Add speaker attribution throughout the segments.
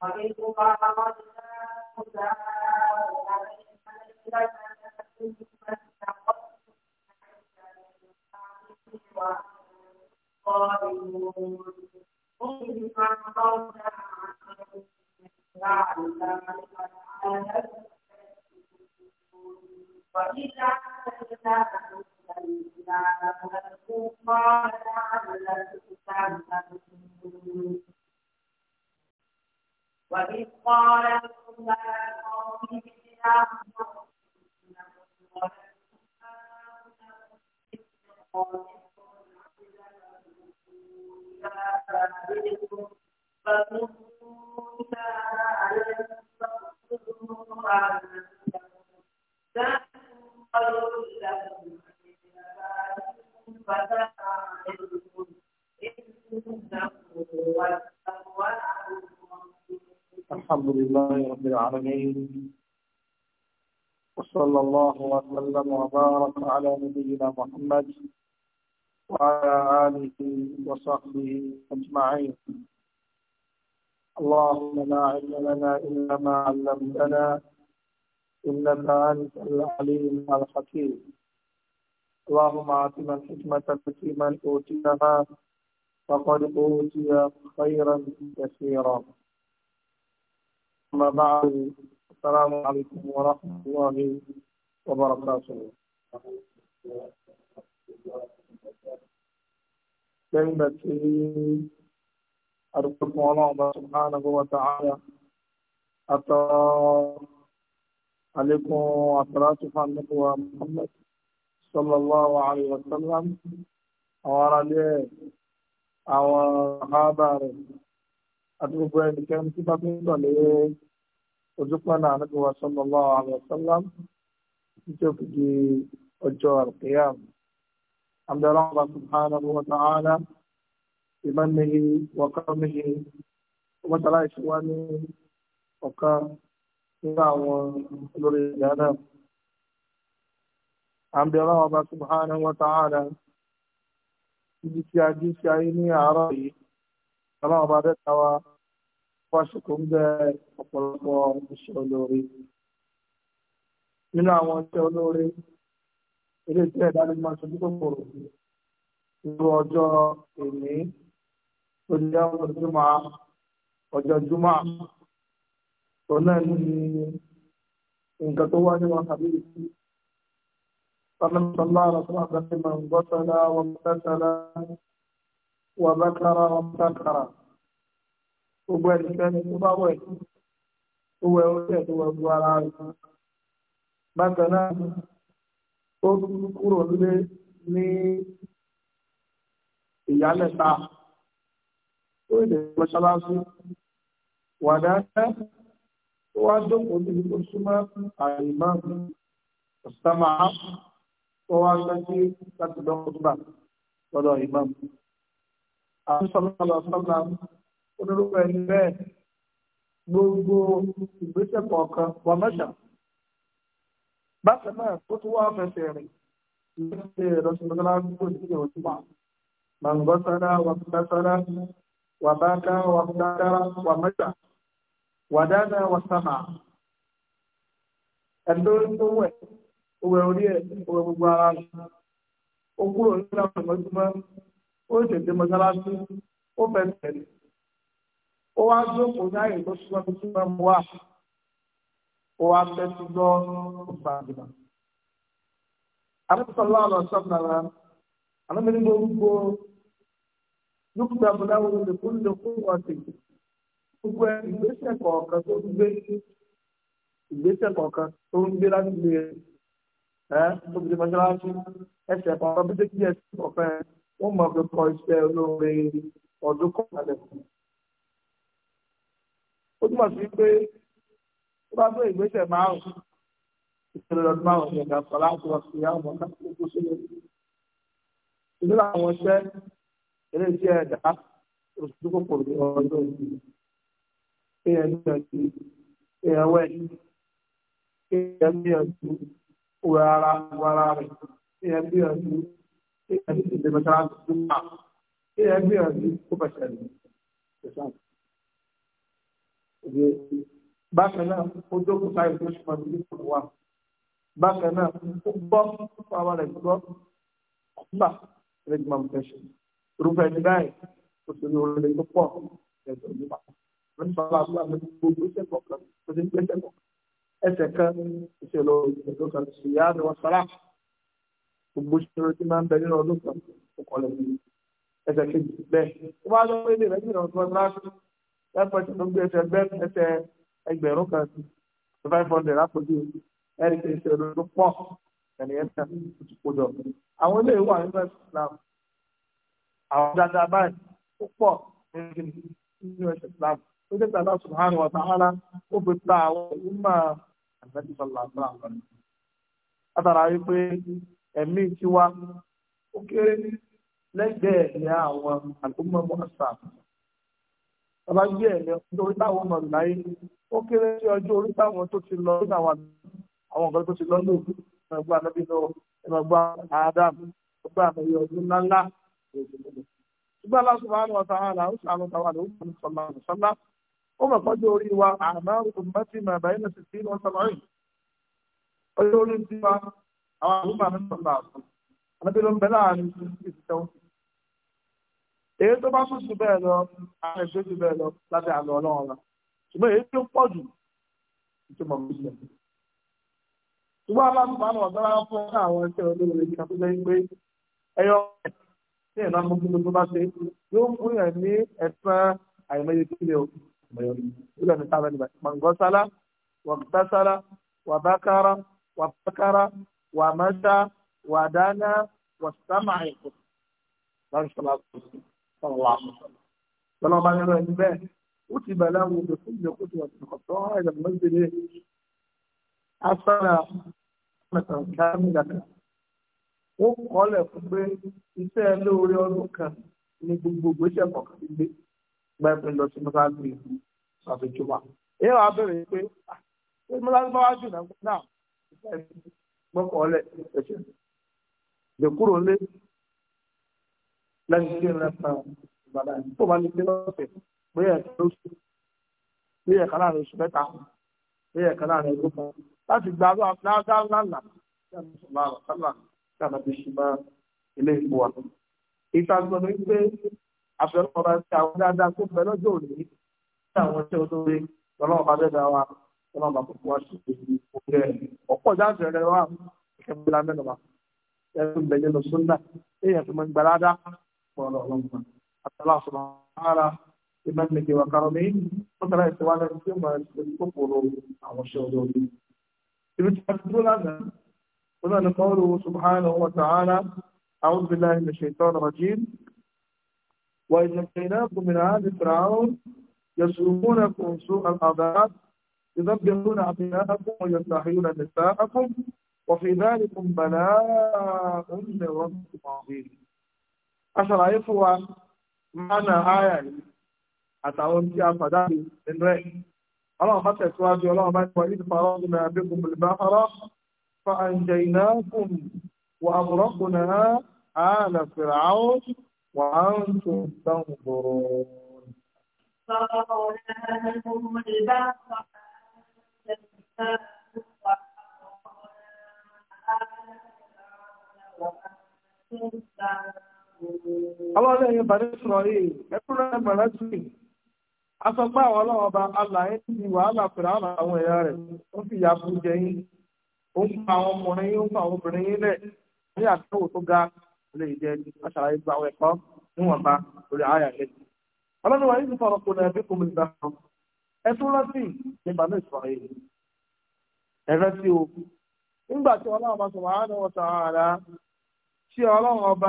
Speaker 1: فإن قامتنا فلا عليك قالوا ثم قولنا عنهم
Speaker 2: لعل وإذا
Speaker 1: أتينا الإسلام والكفار لعلهم تهتدون وإذ قال موسى لقومه يا Thank you.
Speaker 2: الحمد لله رب العالمين وصلى الله وسلم وبارك على نبينا محمد وعلى آله وصحبه أجمعين اللهم لا علم لنا إلا ما علمتنا إنك أنت العليم الحكيم اللهم آتنا الحكمة في من أوتيها فقد أوتي خيرا كثيرا أما بعد السلام عليكم ورحمة الله وبركاته كلمة أرجوكم الله سبحانه وتعالى أتى عليكم أثرات فنبوة محمد صلى الله عليه وسلم أورا ليه أو هذا أتوقع أن كان كتابين ojúpọ̀nà ànábìwá sallallahu alaihi wasallam nítorí di ọjọ́ àlùkìyàm àmdàlá ọba subhanahu wa ta'ala ìmánìyí wàkàmìyí ọmọtàlá ìṣúwá ní ọ̀kan nínú àwọn olórí ìyá náà àmdàlá ọba subhanahu wa ta'ala ibi tí a jí sí ayé ní àárọ̀ yìí ọlọ́run ọba dẹ́ta wa fásitì ń bẹ ọ̀pọ̀lọpọ̀ iṣẹ́ olóore nínú àwọn iṣẹ́ olóore ilé iṣẹ́ ìdánimọ̀ aṣojú kòkòrò irú ọjọ́ èmi tó jẹ́ ọjọ́júmọ́ ọjọ́júmọ́ òun náà ní nǹkan tó wá níwọ̀n tàbí ìsú. فمن صلى رسول الله من غسل وابتسل وذكر وابتكر gbogbo ẹnikẹ́ni tó bá wẹ̀ tó wẹ̀ orí ẹ̀ tó wẹ̀ gbogbo ara rẹ̀. bákan náà ó kúrò nílé ní ìyálẹ̀ta ó lè mọ́ṣáláṣí wàdà ẹ́ tó wá jókòó níbi tó súnmọ́ àìmọ́ ọ̀sánmà tó wá sẹ́kí láti dọ́kọ̀ tó lọ́dọ̀ ìmọ̀. àwọn sọ́lá lọ sọ́lá onírúurú ẹni bẹ́ẹ̀ gbogbo ìgbésẹ̀ kọ̀ọ̀kan wà mẹ́ta. bákan náà ó tún wá fẹsẹ̀ rìn lọ́sẹ̀ lọ́sọ̀lọ́sọ̀lá gbogbo ìdílé òtúmọ̀ màǹgọ́sára wàkútàsára wàbáká wàkútàsára wà mẹ́ta wàdánà wàsàmà ẹ̀dọ́ tó wẹ̀ òwẹ̀ orí ẹ̀ òwẹ̀ gbogbo ara rẹ̀ ó kúrò mọ́sálásí ó fẹsẹ̀ rìn. ó wá jókòó láyè tó mmadụ tó súnmọ́ mu wá ọrụ wá tẹ́tí gbọ́ ọ̀pá àgbà. àbúkọ̀ lọ́wọ́ lọ sọ́kùnà rà àlọ́mọdé gbogbo dúkìá bùdáwò lèkún lèkún ọ̀sìn gbogbo ìgbésẹ̀ kọ̀ọ̀kan tó ń gbé ìgbésẹ̀ kọ̀ọ̀kan tó ń gbé láti tó bí kọ olóore ọdún ó túmọ̀ sí pé ó bá fẹ́ ìgbésẹ̀ márùn-ún ìṣẹ̀lẹ̀ lọ́dún márùn-ún ìgbà sọ láti wọ́n sí ìyá ọmọ láti kó sílẹ̀. ìdílé àwọn iṣẹ́ eré iṣẹ́ ẹ̀dá oṣù kòkòrò ní ọjọ́ ìlú kéèyàn ní ọjọ́ kéèyàn wẹ̀ kéèyàn ní ọjọ́ òwe ara òwe ara rẹ̀ kéèyàn ní ọjọ́ kéèyàn ní ìdèmẹ̀tà tó máa kéèyàn ní ọjọ́ kó bẹ̀ṣẹ̀ ní ìwé bákan náà ó jókòó sáyé tó ṣe pàdé nípa wa bákan náà ó gbọ́ fún àwọn rẹ̀ gbọ́ ọ̀gbà rẹ̀ gbọ́ àwọn fẹsẹ̀ rúfẹ́ ní báyìí kò sí orin tó pọ̀ ẹ̀dọ̀ nípa wọn ní bàbá àbúrò àmì gbogbo iṣẹ́ kọ̀ọ̀kan kò sí iṣẹ́ kọ̀ọ̀kan ẹsẹ̀ kan ìṣèlú ìṣèlú kan ìyá àti wọn sára gbogbo ìṣòro tí máa ń bẹ nínú ọdún kan ó kọ́ lẹ́yìn ẹsẹ̀ kejì bẹ́ẹ̀ ó bá lọ́wọ́ five percent ló ń gbé ẹsẹ̀ ẹgbẹ́ ẹsẹ̀ ẹgbẹ̀rún kan sí five hundred àpòjù ẹ̀rí kì í ṣe olóòtú pọ̀ ẹ̀nìyẹn tẹ̀ oṣù kójọ. àwọn ilé ìwà nínú ẹ̀sìn Islam àwọn dáadáa báyìí ó pọ̀ nínú ẹ̀sìn Islam ó dé tàbí subhanahu wa ta'ala ó fi ta àwọn ìmọ̀ àgbẹ̀tì sọ̀lá àgbà látara wípé ẹ̀mí tiwa ó kéré lẹ́gbẹ̀ẹ́ ní àwọn àlùmọ̀ mọ́sàmù bàbá gbé ẹ̀lẹ́ ọjọ́ orí táwọn ọmọ láyé ó kéré sí ọjọ́ orí táwọn tó ti lọ nínú àwọn àwọn nǹkan tó ti lọ ní òkú ẹgbẹ́ anábì lọ ẹgbẹ́ adam ẹgbẹ́ àmọye ọdún ńláńlá ṣùgbọ́n aláṣọ máa ń lọ sáà là ń sàánú táwọn àdó ń sọlá sọlá ó mọ̀ pọ́jú orí wa àmọ́ ọmọdé mà bàyẹ̀ náà ti sínú ọ̀sán ọjọ́ orí ti wa àwọn àdúgbò àmì sọlá ànábì ló bẹ láàrin ìsìtẹ́wọ̀n èyí tó bá sùn sí bẹ́ẹ̀ lọ àwọn èso sí bẹ́ẹ̀ lọ láti àlọ́ ọlọ́run lọ ṣùgbọ́n èyí tó pọ̀ jù tó mọ̀ mí sílẹ̀. ṣùgbọ́n aláṣùmọ̀ àwọn ọ̀gára fún àwọn ẹṣẹ́ olóore kí wọ́n lẹ́yìn pé ẹyọ ní ìlànà mọ́tò tó bá ṣe yóò fún yẹn ní ẹ̀sán àìmọye kílẹ̀ o ìlànà ní sábà nígbà mọ̀ngọ́sálá wàgbásálá wàbákárá wàbákárá wàmásá wàdánà wàsámà ẹ̀kọ́. Láti sọ́lá tó ṣe sọ̀rọ̀ wa lọ́nà ọba nínú ẹni bẹ́ẹ̀ ó ti bẹ̀rẹ̀ àwọn òbí fún ìyókù tí wọ́n ti kọ̀ tó ẹ̀rọ mẹ́sìlẹ̀ asára mẹ́tàn kámìlàkà ó kọ́lẹ̀ fún pé iṣẹ́ lóore ọdún kan ní gbogbo ìgbésẹ̀ kọ̀ọ̀kan ti gbé gbẹ́gbẹ́ lọ sí mọ́sáàsì àfijọba èyí wàá bẹ̀rẹ̀ pé ṣé mọ́sáàsì bá wá jù náà gbọ́kọ̀ọ́lẹ̀ ẹ̀ṣẹ̀ lè kúrò lé lẹ́yìn tí ìrìn ẹ̀sán ìbàdàn yìí tó bá ní pé lọ́sẹ̀ bóyá ẹ̀ka lóṣù bóyá ẹ̀ka láàrin oṣù mẹ́ta bóyá ẹ̀ka láàrin ọdún kan láti gba àlọ́ àbúrádá ńláńlá tí a sọ máa rọ̀ tí a máa fi ṣe máa ilé ìfọ̀ wa. ìta gbọ́n mi pé àfẹ́rẹ́ ọba ti àwọn dáadáa tó bẹ lọ́jọ́ òní tí àwọn ọ̀ṣẹ́ olóore lọ́lọ́wọ́ bá dẹ́dá wa lọ́lọ́wọ́ bá kókó wá sí ìgbésí ọ̀pọ̀ jáde rẹ̀ wá ìkẹ́mílá mẹ́lọ́wà ẹ̀rọ ìgbẹ̀yẹ lọ sóńdà èèyàn tó máa ń gbaládá ولهما الله سبحانه وتعالى بمنك وكرمه وترى إخوانا اليوم الكفر أو الشهود يتحدثون عنه قوله سبحانه وتعالى أعوذ بالله من الشيطان الرجيم وإذ نجيناكم من آل فرعون يسومونكم سوء العذاب يذبحون أبناءكم ويستحيون نساءكم وفي ذلكم بلاء من ربكم عظيم aṣàlàyé fún wa mánà áyà yìí àtàwọn tí a pàdánù nínú ẹ̀ ọlọ́run bá tẹ̀síwájú ọlọ́run bá tẹ̀síwájú ìdí farọ́ ọdún náà bí kùnbùlù bá farọ́ fa àǹjẹ̀ iná kùn wà àbúrọ́kùn náà ààlà fìràáwó wà á ń tún dáhùn bọ̀rọ̀. Thank you.
Speaker 1: ọlọ́dẹ yẹn bàdé sọ̀rọ̀
Speaker 2: yìí ẹkúrẹ́ ẹgbẹ̀rẹ́ tù mí asọpá àwọn ọlọ́wọ́ bá alàyé ti wàhálà fèrè àwọn ẹ̀yà rẹ̀ ó fi jẹ yín ó ń àwọn ọmọ yín ó ń gba àwọn ẹ̀kọ́ níwọ̀nba àyà rẹ̀. wa yìí kò kò ẹ tún rántí ní bàbá ìsọ̀rọ̀ o nígbà tí ọlọ́run bá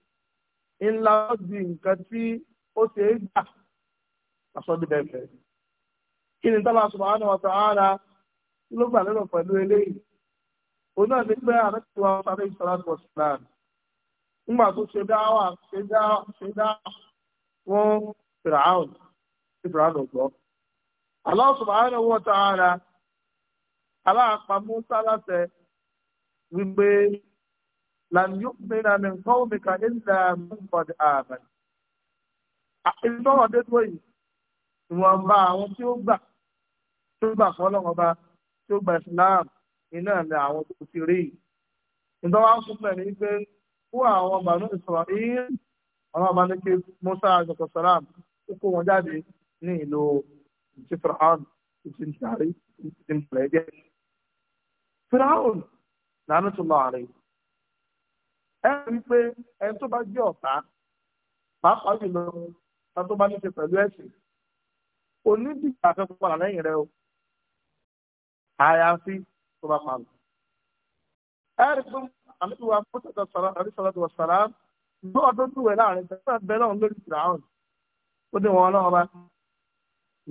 Speaker 2: ńlá ó di nǹkan tí ó ṣe é gbà àsọdún bẹ̀rẹ̀. kí ni tábà subhanahu wa ta'ala ló gbà lérò pẹ̀lú eléyìí òun náà ní pé àrẹ́tìwá sáré ìsọ́láṣí wọ̀sán nígbà tó ṣe dáwà ṣe dáwà ṣe dáwà fún fìràhùn tí fìràhùn ò gbọ́. Allah subhanahu wa ta'ala aláàpamọ́ sálàṣẹ wípé لن يؤمن من قومك إلا من قد آمن ìtọ́wọ́ dédúró yìí ìwọ̀nba àwọn tí ó gbà tí ó gbà fọlọ́wọ́n bá tí ó gbà Islam iná ni àwọn tó ti rí yìí ìtọ́wọ́ fúnpẹ̀ ní pé fún àwọn bàánú ìsọ̀rọ̀ yìí àwọn abánikẹ́ Musa àgbẹ̀kọ̀ sàlám ó kó wọn jáde ní ìlú ti Fir'aun ti ń tàrí ti ń tẹ̀lé jẹ́ Fir'aun làánú tó lọ àárín yìí ẹ rí i pé ẹni tó bá jẹ́ ọ̀tá pàápàá jùlọ ta tó bá ní ṣe pẹ̀lú ẹ̀sìn onídìgbà fẹ́ padà lẹ́yìn rẹ o àyàfi tó bá pa lọ. ẹ rí i pé àmì wa mọ́tàkà sọ̀rọ̀ àríṣọ́lá tó sọ̀rọ̀ gbọ́ ọdún tó wẹ̀ láàrin tẹ̀sán bẹ́ẹ̀ náà lórí fìràhùn ó dé wọn náà bá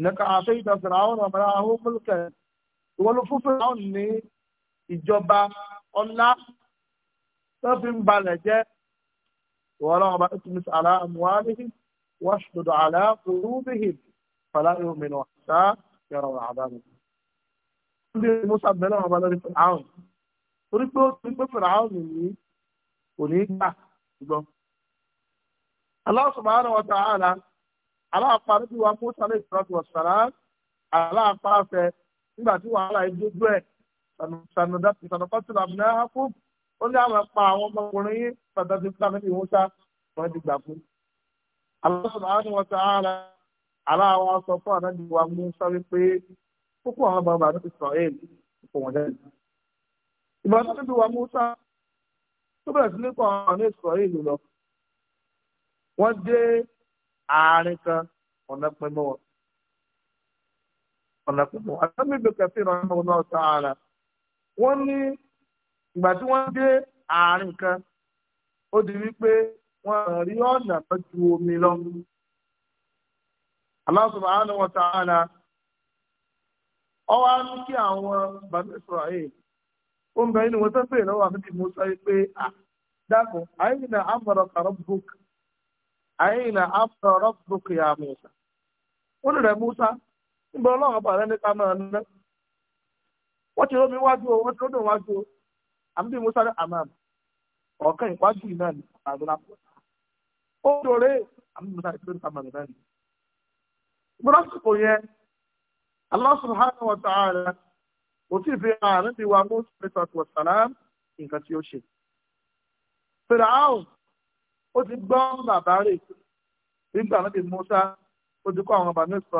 Speaker 2: nìkan àṣẹ ìta fìràhùn ọ̀bẹ àwọn mọ́lùkẹ́ ìwọ́n ló fún fìràhùn ní ìjọba ọlá tó fi ń balẹ̀ jẹ́ ìwọ ọlọ́run bá tó ní sàlá àmúwáríhì wàṣùdùdù àlá òrùbíhì fàlá ìhòmìnà sá yọrọ àdáni. Ndí Musa bẹ̀rẹ̀ wọn bá lórí Fìràhùn. Torí pé ó ti pé Fìràhùn yìí kò ní gbà gbọ́. Allah subhanahu wa ta'ala aláàpárí bí wa Musa lè sọ̀rọ̀ tó sàrà aláàpáfẹ́ nígbà tí wàhálà yìí dójú ẹ̀ sànùfàtìlà náà kó ó ní àwọn pa àwọn ọmọkùnrin yín pàtàkì fún àmì ìwúsá wọn ti gbà fún. Allah subhanahu wa ta'ala aláwọn sọ fún ànábì wa Musa wípé púpọ̀ àwọn bàbá àti Israel kò wọ́n jáde. ìgbà tó níbi wa Musa tó bẹ̀rẹ̀ sí ní kọ́ àwọn ní Israel lọ. wọ́n dé àárín kan ọ̀nà pin mọ́ wọn. ọ̀nà pin mọ́ wọn. àtàwọn ìgbèkẹ̀sí ìrànlọ́wọ́ náà sáà wọ́n ní ìgbà tí wọ́n dé àárín kan ó di wípé wọ́n rí ọ̀nà tó ju omi lọ. Allah subhanahu wa ta'ala ọwọ́ á ní kí àwọn bàbá Israel ó ń bẹ inú wọn sẹ́fẹ̀ lọ́wọ́ àfẹ́tì Musa pé à dákun àyìnà amara rabbuk ya Musa. wọ́n rẹ̀ Musa ọlọ́run wọ́n ti rómi o wọ́n ti rómi wájú o. àmì bíi musa amam ọ̀kan ìwájú yìí náà ni àdúrà pọ̀ ó dòrè àmì musa ìpínlẹ̀ amam náà ni. múrasìkò yẹn Allah subhanahu wa ta'ala kò tí ì fi àárín ti wa musa ìsàtú wasalam nǹkan tí ó ṣe. fìràáù ó ti gbọ́ bàbá rẹ̀ nígbà náà ti musa ó ti kọ́ àwọn bàbá mi sọ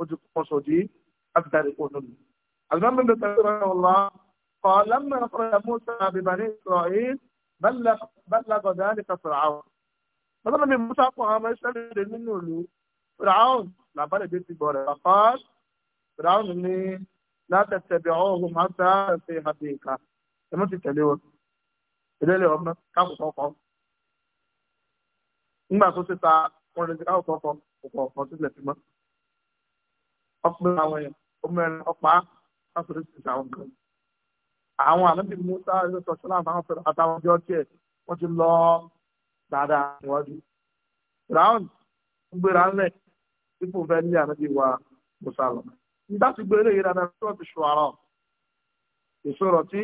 Speaker 2: ó ti kọ́ sọ̀dí láti dárí kó nínú. àgbà mi lè tẹ̀lé ọ̀la. قال لما خرج موسى ببني إسرائيل بلغ بلغ ذلك فرعون فلما من موسى قام يشهد منه له فرعون لا بل بيت فقال فرعون إني لا تتبعوهم حتى في حقيقة لما تتلون إذا اليوم كم صوفهم إما سوسيتا ولد كم صوفهم وقوفهم سيدنا تما أقبل أوين أمين أقبع أصرف تسعون àwọn ànábì Musa sọ̀tún àtàwọn ọjọ́ tiẹ̀ wọ́n ti lọ dáadáa níwájú. Fìràhùn gbéra ipò fẹ́ ní ànábì wa Musa lọ. Nígbà tí yìí dáadáa ti Shu'ara. Ìṣòro tí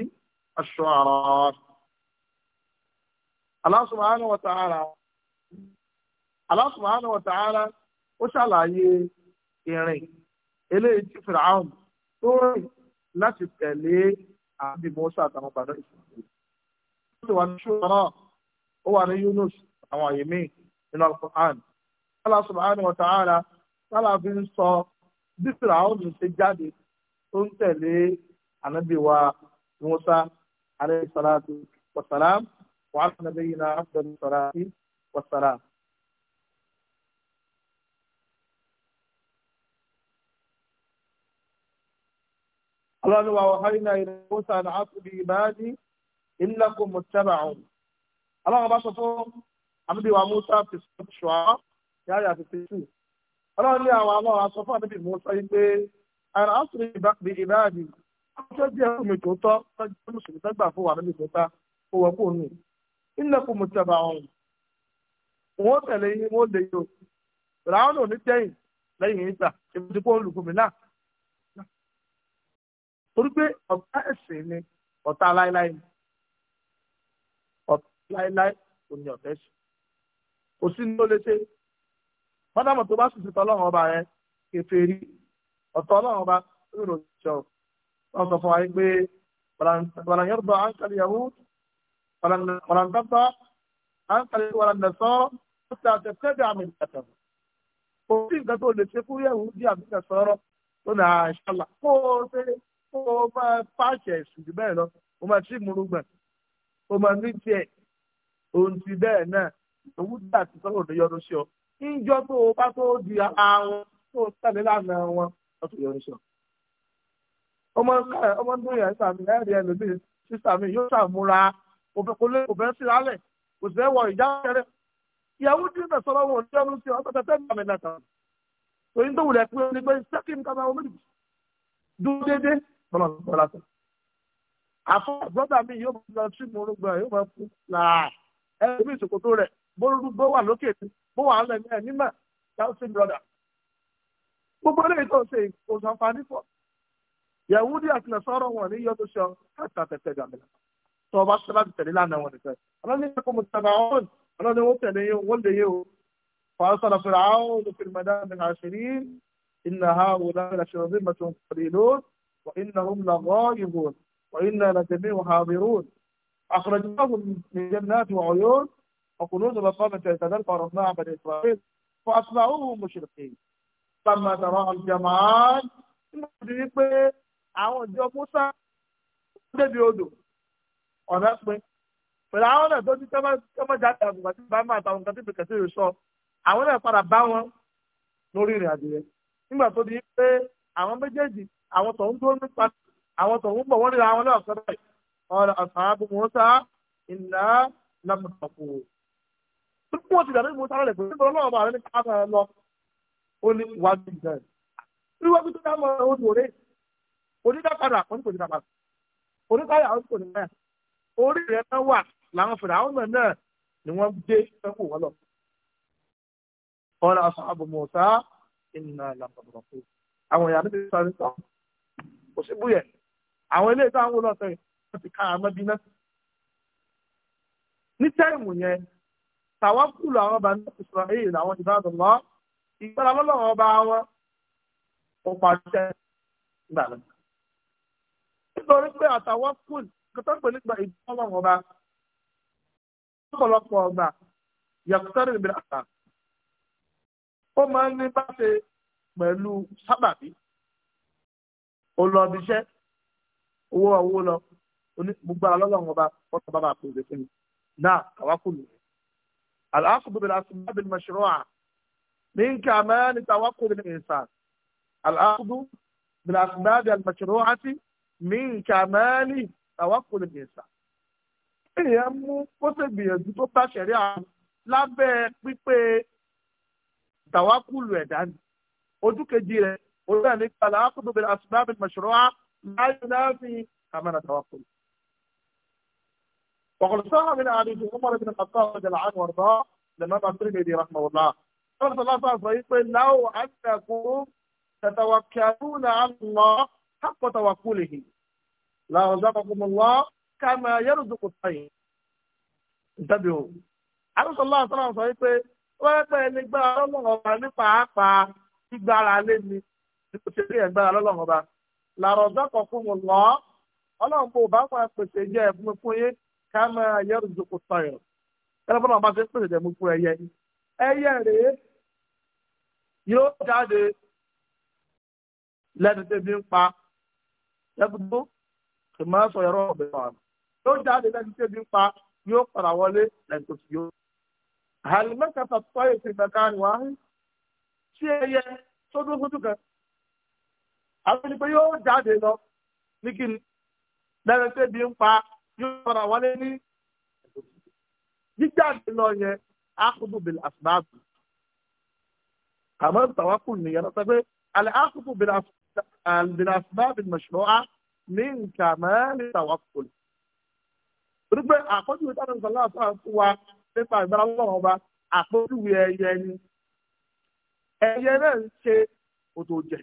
Speaker 2: ó ṣàlàyé ìrìn eléyìí tí tó rìn láti àbí Mùsá àtàwọn bàdó ìsìnkú. ó sì wà ní ṣùgbọ́n ó wà ní Yunus àwọn àyè míì nínú Al-Qur'an. Allah subhanahu wa ta'ala sálà fi ń sọ bí Fìràhùn ṣe jáde tó ń tẹ̀lé ànábì wa Mùsá alayhi salatu wa salam wa ala nabiyyina afdal salati wa salam. ọlọ́ni wa ọ̀háyínà ìrìnàmúsà náà ákùbí ìbáàdì ìnlákùn mùtẹ́bà ọ̀hún. ọlọ́run bá sọ fún àbíbí wa musa fìsọ́ ṣùá yáyà fìfì tù. ọlọ́run ní àwọn àwọn aṣọ fún àbíbí musa yìí pé àrà ákùbí bí ìbáàdì ọjọ́ díẹ̀ fún mi tòótọ́ tọ́jú mùsùlùmí tọ́gbà fún wa níbi tòótá kó nù. ìnlákùn mùtẹ́bà ọ̀hún. wọ́n torí pé ọ̀tá ẹ̀sìn ni ọ̀tá láéláé ni ọ̀tá láéláé kò ní ọ̀tá ẹ̀sìn kò sí ní ó lè ṣe mọ́tàmù tó bá sì ti tọ́lọ́run ọba rẹ kèfèrí ọ̀tọ̀ ọlọ́run ọba lóòrò ìjọ wọn sọ fún wa pé wàlànyọ́rọ̀dọ̀ àǹkàlì yahoo wàlàntàbà àǹkàlì wàlàndàsọ́rọ̀ ó ti àtẹ̀tẹ́bẹ̀ àmì ìgbàtàwọn kò sí nǹkan tó lè ṣe fún yahoo bí àmì ìgbàsọ́rọ̀ tó nà á kó o ṣe ó máa pàṣẹ ẹ̀sùn jù bẹ́ẹ̀ lọ ó máa tí múrùgbọ̀n ó máa ní tiẹ̀ ohun ti bẹ́ẹ̀ náà òun dà tí sọ́wọ́ òde yọdún sí ọ níjọ́ tó o bá tó di àwọn tó o tẹ̀lé lánàá wọn wọ́n tó yọdún sí ọ. ọmọ ọmọ ń dún yẹn sàmì ẹ̀rí ẹlòmíì sísà mi yóò ṣàmúra kò fẹ́ sí lálẹ̀ kò sì fẹ́ wọ ìjà kẹrẹ ìyàwó tí ìgbà sọ̀rọ̀ wọn ní ọdún sí ọ tọ́tẹ́ tẹ́ ìgbà mẹ́ta tàbí. torí tó wulẹ̀ pé tọ́lọ̀ tọ́lá tọ́. àfọ brọ́dà mi yóò máa lọ sí morogba yóò máa fún là ẹni bí ìsòkòtò rẹ̀ bóró bó wà lókè mi bó wà ńlẹ̀ mi ẹ̀ nímọ̀ dáhùsí brọ́dà. gbogbo eléyìí tó ń ṣe òṣàǹfààní fọ yahudi àti nasọrọ wọn ní yọtò ṣọ káàtà tẹtẹ gàmìlà tó o bá ṣe láti tẹ̀lé lánàá wọn nìkan ọlọ́ni ẹ̀kọ́ mo tẹ̀lé àwọn ọlọ́ni wọ́n tẹ̀lé yín wọ́n lè yín o فأرسل فرعون في المدائن العاشرين إن وإنهم لغائبون وإنا لجميع حاضرون أخرجناهم من جنات وعيون وكنوز مقام تتذكر مع بني إسرائيل فأتبعوهم مشرقين لما ترى الجمعان nítorí pé àwọn ìjọ Musa débi odò ọ̀nà pin pẹ̀lú àwọn náà tó ti tẹ́mọ̀já àtàwọn ìgbà tí bàmí àtàwọn nǹkan tí bèkẹ́sì rè sọ àwọn náà padà bá wọn lórí ìrìn àjò yẹn nígbà tó di pé àwọn méjèèjì àwọn tó ń dúró nípa àwọn tó ń bọ̀ wọ́n nílò àwọn náà sọ bẹ́ẹ̀ ọ̀rọ̀ àṣàbù mọ́sá ìlà lámùtàkù. Tókù wọ́n ti dàbí mọ́sá rẹ̀ pé nígbà ọlọ́run bá rẹ̀ ní káàkiri rẹ̀ lọ, ó ní wájú ìjà rẹ̀. Bí wọ́n fi tó dámọ̀ ọ̀hún lòrè, onídàpadà kò ní kò ní dàpadà, oníkáyà ọ̀hún kò ní káyà. Orí rẹ̀ náà wà láwọn fèrè àwọn náà náà ni wọ́n dé ẹ̀kú wọn lọ. Ọ̀rọ̀ àṣàbù mọ́sá ìlà lámùtàkù. Àwọn ìyá kò sí búyẹ̀ àwọn ilé ìta àwọn olóòtọ́ yìí wọ́n ti ká àmọ́ bí náà. ní tẹ́ẹ̀mù yẹn tàwọn kùlù àwọn ọba náà Israel làwọn ìbáàdàn lọ ìgbàlá lọ́lọ́wọ́ ọba wọn ó pàṣẹ ìgbà náà. nítorí pé àtàwọn kùlù kọ́tọ́ pé nígbà ìbáàdàn ọba ọ̀pọ̀lọpọ̀ ọgbà yàtọ̀tọ̀ rẹ̀ bẹ̀rẹ̀ àtà ó máa ń ní bá ṣe pẹ̀lú sábàbí ó lọ ibi iṣẹ́ owó owó lọ gbogbo alọ́lọ́run ọba ọ̀tọ̀ bàbá àpèjẹ fún mi náà àwa kù lù. الأخذ بالأسباب المشروعة من كمال توكل الإنسان الأخذ بالأسباب المشروعة من كمال توكل الإنسان èèyàn mú kó sì gbìyànjú tó bá ṣẹ̀rí àwọn lábẹ́ pípé tàwákùlù ẹ̀dá ni ojú kejì rẹ̀ وذلك العقد بالأسباب المشروعة لا ينافي ثمن التوكل وقد صح من عليه عمر بن الخطاب رضي الله عنه وارضاه لما الترمذي رحمه الله قال صلى الله عليه وسلم طيب، لو أنكم تتوكلون على الله حق توكله لرزقكم الله كما يرزق الطير انتبهوا قال صلى الله عليه وسلم wọ́n pẹ́ ẹni gbára ọlọ́run ọba ní pàápàá gbígbára lé ni kò ṣe bí ẹ̀gbára lọ́lọ́run ọba làrọ̀ dákọ̀ fún mi lọ́ ọlọ́run bò bá máa pèsè jẹ́ ẹ̀fún mi fún yín ká máa yẹrù zoko sọ̀rọ̀ ẹ̀rọ bọ́lá máa ṣe pèsè jẹ́ mi fún ẹyẹ ẹyẹ rèé yóò jáde lẹ́nu tẹ́bi ń pa ẹgbẹ́ kì máa sọ ẹ̀rọ ọ̀bẹ wa yóò jáde lẹ́nu tẹ́bi ń pa yóò padà wọlé lẹ́nu tó ti yóò. àlùmọ́kàtà tó ayé ti gbẹ̀ká ni wàá ṣé ẹyẹ tó dúró fún àwọn ẹni pé yóò jáde lọ ní kí ni lẹ́rẹ̀ tẹ́ bí ń pa yóò padà wọlé ní jíjáde lọ yẹn ákùbù bìlà àsìbáàbù àmọ́ tàwákù nìyẹn lọ́sẹ̀ pé àlẹ́ ákùbù bìlà àsìbáàbù mashru'a ní nkàmẹ́ ní tàwákù rúgbẹ́ àkọ́jú ìtàn ìsọ̀lá àtàwọn fún wa nípa ìgbàlá lọ́wọ́ ọba àkọ́jú ẹyẹ ni ẹyẹ náà ń ṣe òtò jẹ̀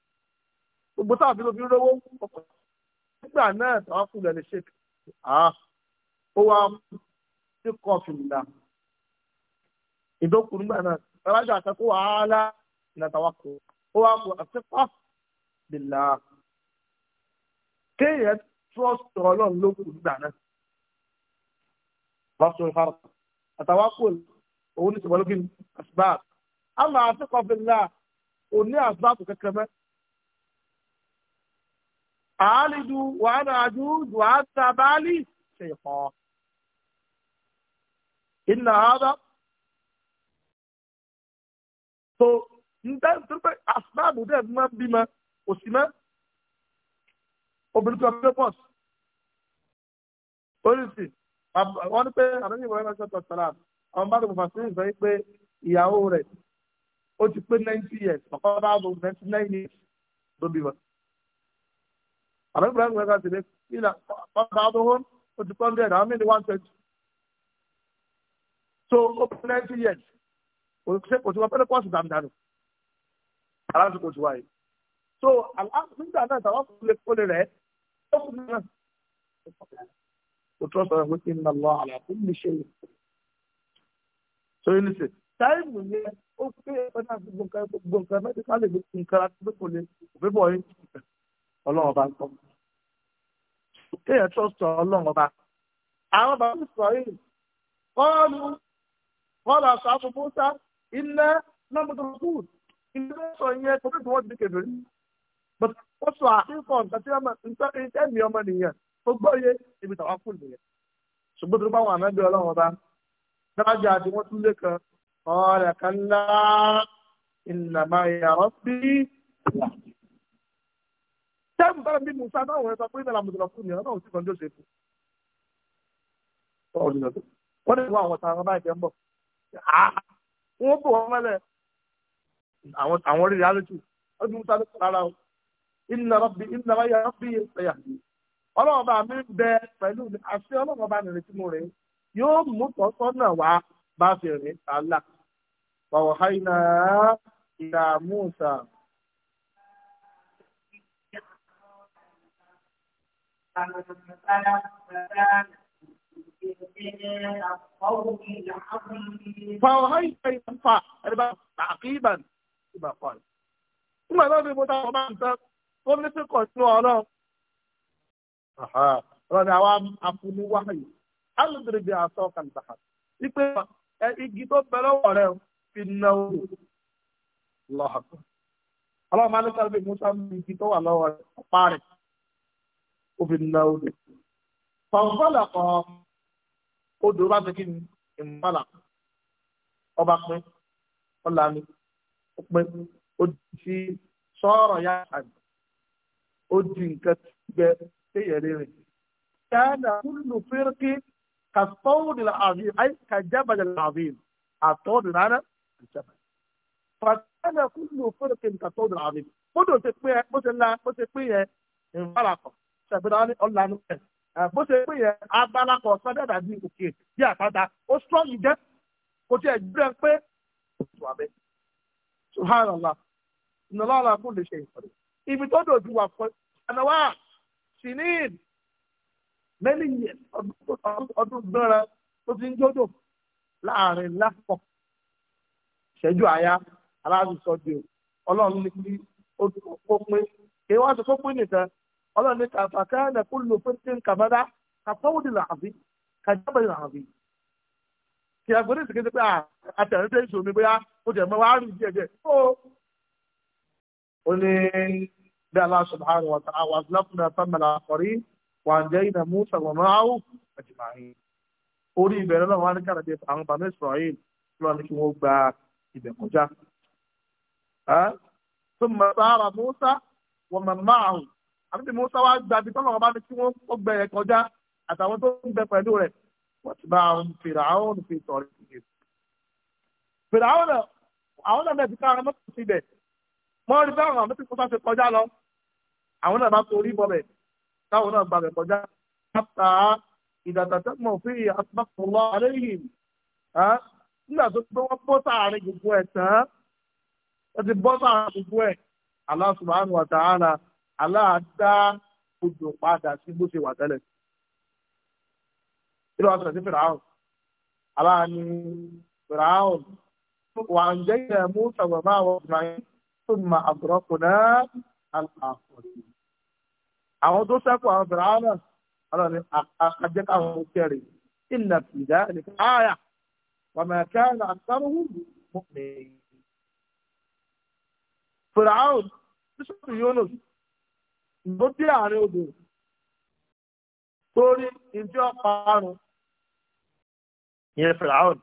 Speaker 2: gbogbo táwọn fi lóbi rówó ọkọ̀ nígbà náà táwọn kù lẹ́nu ṣe ó wá sí kọfì nìlá ìdókù nígbà náà rájà àtẹkù wàhálà ìlàtàwà kù ó wá kù àtẹkù bìlà kéèyàn trust ọlọ́run ló kù nígbà náà bàtò ìfarò àtàwà kù òun ní ìṣèwọlógún asibáàbù àmà àtẹkù bìlà òní àsibáàbù kẹkẹrẹ mẹ́ta àálìdù wàhálà àjú wàhálà báálì ṣe ìkọ́. ìnà àádọ́. so ǹjẹ́ tó pé àsìmáàbù dẹ̀ máa bímọ òsì mọ́ obìnrin tó ń pẹ́ pọ́s. oríṣi wọ́n ní pé àdéhùn ìwọ̀n ẹ̀rọ ṣẹ́tọ̀ sọ̀rọ̀ àwọn bá dùn fàṣẹ ìsọ pé ìyàwó rẹ̀ ó ti pé ninety years ọ̀kọ́ bá dùn ninety nine years ló bímọ àmọ́ ibrahim gbẹ̀gà tẹ̀lé ilà ọba àdóhùn ó ti pọ́n dẹ́rẹ́ àmì ní one twenty. so ó bẹ ninety years kò sí kò sí wọn pẹ́lú pọ́ọ̀sì dàmdàmì aláàtú kò sí wáyé. so nígbà náà tàwọn kò lè kó lè rẹ̀ ó kù náà kò tọ́ sọ̀rọ̀ wípé nínú àlọ́ àlàkùn ní ṣe yìí. so yìí ní sè táìmù yẹn ó pé ẹgbẹ́ náà gbogbo nǹkan gbogbo nǹkan mẹ́tíkálì gbogbo nǹkan àti gbogbo nǹkan òbí bọ̀ yìí ọlọ́run ọba ń kéèyàn tó sọ ọlọ́run ọba. àwọn bàbá mi sọ yìí kọ́ọ̀lù kọ́ọ̀lù àṣàfù mọ́sá iná lọ́mọdúnrún kù ilé sọ yẹn kò tó wọ́n ti kéde rí. ó sọ àfihàn nǹkan tí ẹ̀mí ọmọ nìyẹn tó gbọ́ yé ibi tàwa kù nìyẹn. ṣùgbọ́n tó bá wọn ọlọ́run ọba dájú àti wọ́n tún lé kan ọ̀rẹ́ kan náà ìnàmáyà rọ́bì láti sẹ́ẹ̀mù tọ́lá bí musa náà wọ́n sọ pé ìlànà mùsùlùmí fún mi ọ̀nà òsì kan tó ṣe fún wọ́n lè wọ àwọn ọ̀tá àwọn báyìí jẹ́ ń bọ̀ wọ́n bò wọ́n mẹ́lẹ̀ àwọn orí reality ọdún musa ló rárá o inna rabbi inna rabbi rabbi ẹ̀yà ọlọ́run bá mi bẹ pẹ̀lú àṣẹ ọlọ́run bá nìrètí mo rẹ̀ yóò mú tọ́sọ́nà wá bá fi rìn àlà wàhálà ìlà فوهيت ينفع تعقيبا كما قال ثم لو في متابعة أنت قم نفقه شنو أنا أها أنا عوام أفني وحي ألدر بعصاك البحر يقول إجيبوا بلو عليهم في النور الله أكبر الله مالك قلبي موسى من إجيبوا الله أكبر fi na odò fanfàlà kan odò bá ti kí ni ìmọ̀lá ọba pín ọ̀là ni ó pín ó ti sọ̀rọ̀ ya àgbà ó di nǹkan gbẹ téèyàn rírìn. كان كل فرق كالصود العظيم أي كالجبل العظيم الطود معنى الجبل فكان كل فرق كالصود العظيم bó dò ṣe pín ẹ bó ṣe la bó ṣe pín yẹn ìfarapọ̀ ṣẹ̀gbẹ́ta ní ọ̀lànà ẹ̀ bó ṣe pé yẹn abala kan sọ́dẹ̀ dàbí òkè bí àpáta ó strong jẹ́ kò tiẹ̀ gbé pé oṣù abẹ́ subhanallah ìnáwó kò lè ṣe ìfọ̀rẹ́ ibi tó dòjú wà fún ẹnáwá sinin many years ọdún gbọ́nra tó ti ń jódò láàrin lápọ̀ ṣẹ́jú àyà aláàbùsọ̀dì ọlọ́run ní kí ó pín kí wọ́n ti kó pín nìkan ọlọ́run ní kàfàkà ẹ̀dẹ̀ kó lò fún tí ń kàfàdá kàfọ́wọ́dì làbí kàjábẹ̀ làbí. kì àgbẹ̀ ní ìsìnkú pé àtẹ̀rẹ́tẹ̀ ìṣòro mi bóyá ó jẹ̀ mọ́ wá rí díẹ̀ díẹ̀ ó. ó ní bí Allah subhanahu wa ta'ala wa azlafna thammal akhirin wa anjayna Musa wa ma'ahu ajma'in. orí ìbẹ̀rẹ̀ náà wọ́n á ní kàràdé àwọn bàmí Israel lọ́wọ́ ní kí wọ́n gba ibẹ̀ kọjá. ثم سار موسى ومن معه àbíbi musa wa gbàbí tọ́lọ̀ ọba ní kí wọ́n gbẹ yẹn kọjá àtàwọn tó ń bẹ pẹ̀lú rẹ̀ wọ́n ti bá àwọn fèrè àwọn olùfẹ́ sọ̀rọ̀ ìdíje. fèrè àwọn náà àwọn náà mẹ́tìkà àwọn mọ́tò ti bẹ̀ wọ́n rí báwọn àwọn mẹ́tìkà musa ṣe kọjá lọ àwọn náà bá torí bọ́ bẹ̀ táwọn náà gbàbẹ̀ kọjá láta ìdàtàtà mọ̀ fún àtúbàkùnlọ́ aléyìn nígbà tó gbé wọn bọ́ sáàárín gbogbo ẹ̀ tán wọ́n ti bọ́ sáàárín gbogbo ẹ̀ Allah subhanahu wa ta'ala aláàdá odò padà sí bó ṣe wà tẹ́lẹ̀ kí ló wá sọ̀rọ̀ sí fìràhùn aláàní fìràhùn wà ń jẹ́ ilẹ̀ mú sàgbàmà àwọn ìbìràhìn tó ma àbúrọ̀kù náà aláàfọ̀dì àwọn tó sẹ́kù àwọn fìràhùn náà aláàní àkàjẹ́ káwọn ó kẹ́rì ìnà fìdá nìkan áyà wà mà kẹ́rì àtàrùhùn mọ́mí fìràhùn bísọ̀tù yónus ló dé àárín odò torí ìdí ọ̀pá àrùn ìyẹn fìràhùn.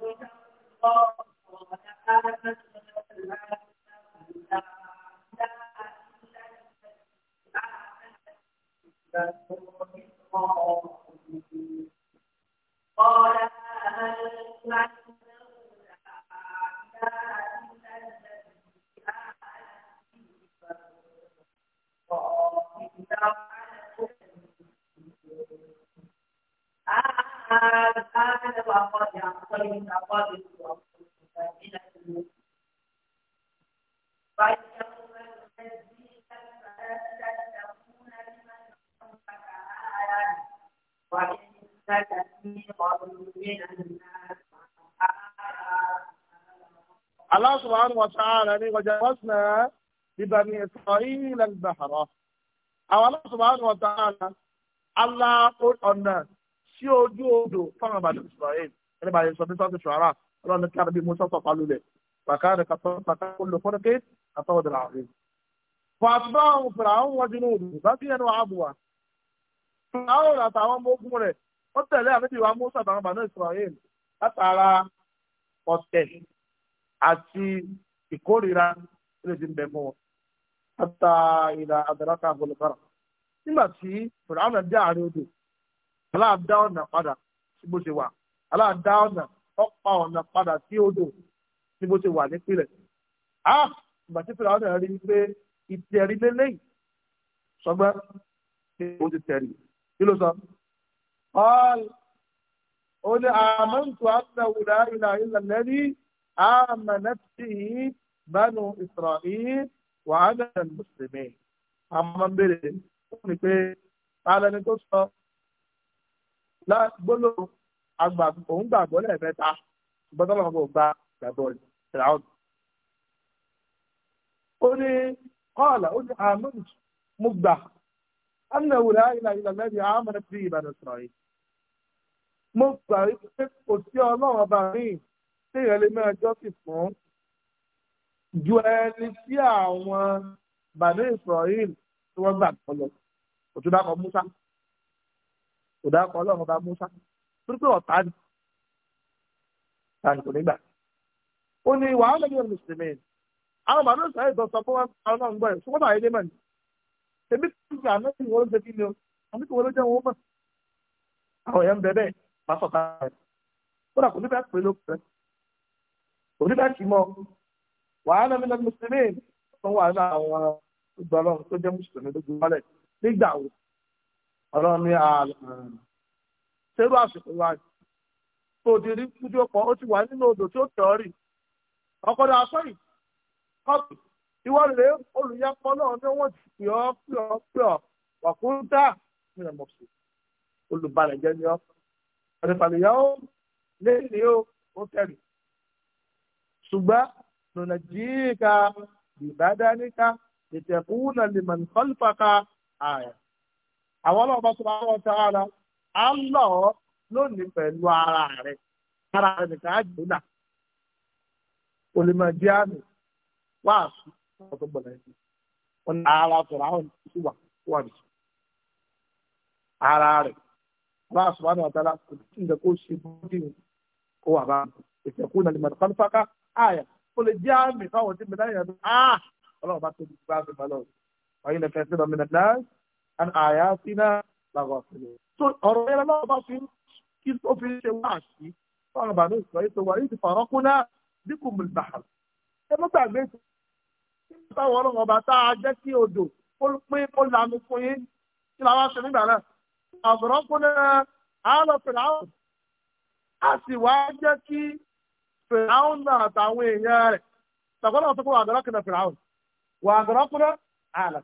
Speaker 1: Thank you. قال آمنت أنه لا إله إلا الذي آمنت آمن وقد عصيت قبل وكنت من المسلمين
Speaker 2: الله سبحانه وتعالى وجاوزنا ببني إسرائيل البحر أو الله سبحانه وتعالى الله قل أن سيوجو أودو فما بني إسرائيل أنا بعد سبعين سنة شعراء الله نكر بموسى فقالوا له فكان كفر كل فرق أطود العظيم فأتبعهم فرعون وجنوده بقيا وعبوا فرعون أتعامل بأمره wọ́n tẹ̀lé ànábì wa Musa bàbá bàbá Israel látara ọ̀tẹ̀ àti ìkórira ilé ti ń bẹ fún wọn hata ìlà àdàràkà àgbọ̀lùkárà nígbà tí fìràwọn dé àárín odò aláàdá ọ̀nà padà sí bó ṣe wà aláàdá ọ̀nà ọ̀pá ọ̀nà padà sí odò sí bó ṣe wà nípìnlẹ̀ á ìgbà tí fìràwọn rí i pé ìtẹ̀rí lélẹ́yìn sọgbẹ́ ṣé ti tẹ̀rí kí ló sọ. قال قل آمنت أنه لا إله إلا الذي آمنت به بنو إسرائيل وأنا المسلمين أما بيري قال نتوسط لا gbólóhùn àgbà òun gbàgbọ́ lẹ́ẹ̀mẹ́ta ṣùgbọ́n tọ́lọ́ ọmọ ògbà gbàgbọ́ ìràwọ̀n. ó ní kọ́ọ̀lá ó ní àmọ́ mo gbà أنه لا إله إلا الذي آمنت به بنو إسرائيل mo gbà wípé kò sí ọlọ́run ọba mi téèyàn lè máa jọ́sìn fún ju ẹni tí àwọn bàbá Israel tí wọ́n gbà kọ́ lọ kò tún dákọ̀ Musa kò dákọ̀ ọlọ́run ọba Musa torí pé ọ̀tá ni tàbí kò nígbà ó ní wàhálà ní ọ̀rọ̀ mùsùlùmí àwọn bàbá Israel tó sọ fún ọlọ́run gbọ́ ẹ̀ fún wọn bàbá ilé tẹ̀bí tuntun àná tí wọ́n ń ṣe kí ni o àmì tí wọ́n ló jẹ́ wọn mọ̀ àwọn èèyàn ń bẹ bẹ́ẹ̀ bá sọ̀tà rẹ̀ kódà kò ní bẹ́ẹ̀ pè ló pẹ́ kò ní bẹ́ẹ̀ kì í mọ wàhálà mi lọ́dún mùsùlùmí tó wà ní àwọn ìgbàlọ́ tó jẹ́ mùsùlùmí lójú wálẹ̀ nígbà wo ọlọ́run ní àlọ́ ṣerú àsìkò wa tó rí kújú ọkọ̀ ó ti wà nínú odò tí ó tẹ̀ ọ́ rì ọkọ̀ dà sọ́yìn kọ́ọ̀tù ìwọ rèé olùyẹpọ náà ni wọn ti pè ọ pè ọ pè ọ wàkúntà ní ọmọ sí olùbalẹ̀ jẹ́ ni ọ àdìpàlẹ̀yà ó lé ní ó ó kẹrì ṣùgbọ́n nùnà jíìka ìbádáníka ìtẹ̀kùnà lèmọ̀n kọ́lùfàkà ààyè àwọn ọlọ́ọ̀bá tó bá wọ́n ta ara á ń lọ ọ́ lónìí pẹ̀lú ara rẹ̀ ara rẹ̀ nìkan á jùlọ kò lè máa jẹ́ àmì ọ̀tọ̀ gbọ́dọ̀ ẹ̀sìn ọ̀nà ara sọ̀rọ̀ àwọn ìṣúwà wà ní ara rẹ̀ Allah subhanahu wa ta'ala kò tí nǹkan kó ṣe bọ́dì kó wà bá ìṣẹ̀kú náà lè mọ̀ nípa nípa ká àyà ó lè jẹ́ àmì fáwọn tí mẹ́ta yẹn ah ọlọ́run bá tóbi bá fi balọ̀ wáyé ní kẹsì lọ mìíràn náà an àyà sí náà làwọn àfihàn so ọ̀rọ̀ yẹn lọ́wọ́ bá fi kí ó fi ṣe wá sí fáwọn bàbá ìṣòro yìí tó wà yìí ti fàrọ́kúnná dínkù mùlbàhà ẹ mọ́ gbàgbé ìṣòro táwọn ọlọ́run ọba tá a jẹ́ kí odò ó pé ó lanu fún yín kí la wá ṣe nígbà náà àbùrọ̀ kún náà á lọ a sì wá jẹ́ kí fìlàwọ̀ náà àtàwọn èèyàn rẹ̀ tàkọ́lọ́ tó kó àgọ́rọ́ kìnnà fìlàwọ̀ wà àgọ́rọ́ kún náà àlà